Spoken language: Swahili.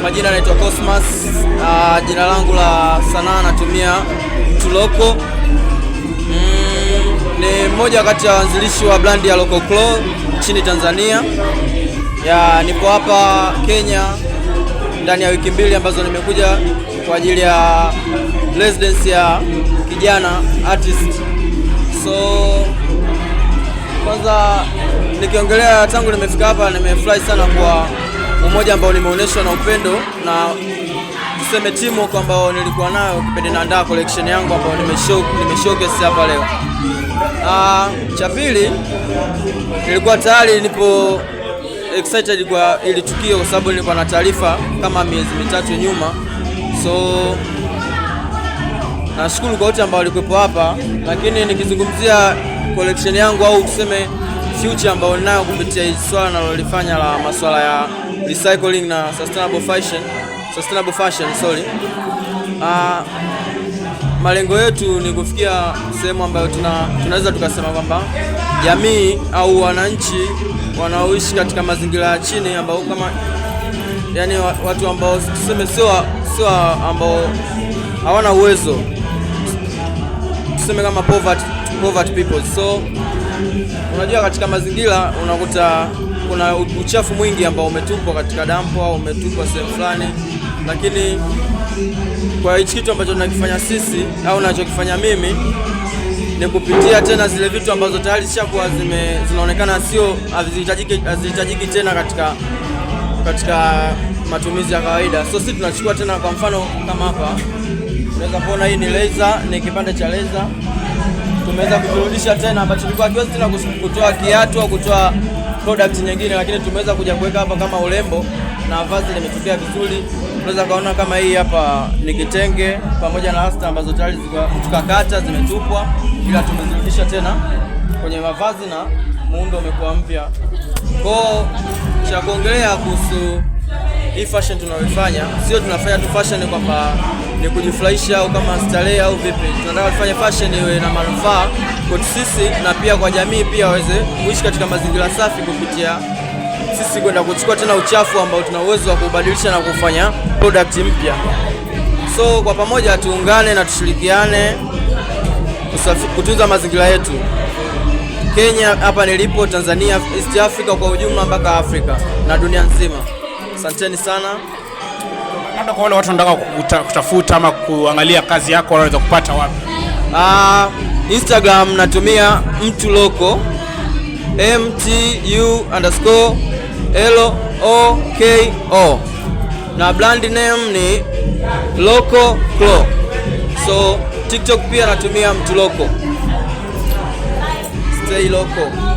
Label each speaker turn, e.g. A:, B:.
A: Kwa majina anaitwa Cosmas. Uh, jina langu la sanaa natumia Tuloko. Mm, ni mmoja kati ya waanzilishi wa brandi ya Local Claw nchini Tanzania. Ya, nipo hapa Kenya ndani ya wiki mbili ambazo nimekuja kwa ajili ya residence ya kijana artist. So kwanza nikiongelea tangu nimefika hapa, nimefurahi sana kwa umoja ambao nimeonyeshwa na upendo na tuseme timu ambao nilikuwa nayo kipindi naandaa collection yangu ambayo nimeshowcase hapa leo. Cha pili, nilikuwa tayari nipo excited kwa ili tukio kwa sababu nilikuwa na taarifa kama miezi mitatu nyuma, so nashukuru kwa wote ambao walikuwepo hapa, lakini nikizungumzia collection yangu au tuseme future ambayo ninayo kupitia swala nalolifanya la masuala ya recycling na sustainable fashion, sustainable fashion sorry. Uh, malengo yetu ni kufikia sehemu ambayo tuna, tunaweza tukasema kwamba jamii au wananchi wanaoishi katika mazingira ya chini ambao kama yani watu ambao tuseme sio ambao hawana uwezo tuseme kama poverty, poverty people. So unajua katika mazingira unakuta kuna uchafu mwingi ambao umetupwa katika dampo au umetupwa sehemu fulani, lakini kwa hichi kitu ambacho tunakifanya sisi au nachokifanya mimi ni kupitia tena zile vitu ambazo tayari zishakuwa zinaonekana sio hazihitajiki tena katika, katika matumizi ya kawaida. So sisi tunachukua tena, kwa mfano kama hapa unaweza kuona hii ni laser, ni kipande cha laser tumeweza kurudisha tena ambacho kilikuwa kiwezi tena kutoa kiatu au kutoa product nyingine, lakini tumeweza kuja kuweka hapa kama urembo na vazi limetokea vizuri. Unaweza kaona kama hii hapa ni kitenge pamoja na rasta ambazo tayari tukakata zimetupwa, ila tumezirudisha tena kwenye mavazi na muundo umekuwa mpya. Koo cha kuongelea kuhusu hii fashion tunayoifanya, sio tunafanya tu fashion kwamba ni kujifurahisha au kama starehe au vipi. Tunataka tufanye fashion iwe na manufaa kwetu sisi na pia kwa jamii, pia waweze kuishi katika mazingira safi kupitia sisi kwenda kuchukua tena uchafu ambao tuna uwezo wa kubadilisha na kufanya product mpya. So kwa pamoja tuungane na tushirikiane kutunza mazingira yetu. Kenya hapa nilipo, Tanzania, East Africa kwa ujumla mpaka Afrika na dunia nzima. Asanteni sana
B: labda kwa wale watu wanataka kutafuta ama kuangalia kazi yako wanaweza kupata wapi?
A: Uh, Instagram natumia mtu loko mtu underscore loko na brand name ni Loco Clo. So TikTok pia natumia mtu loko. Stay loco.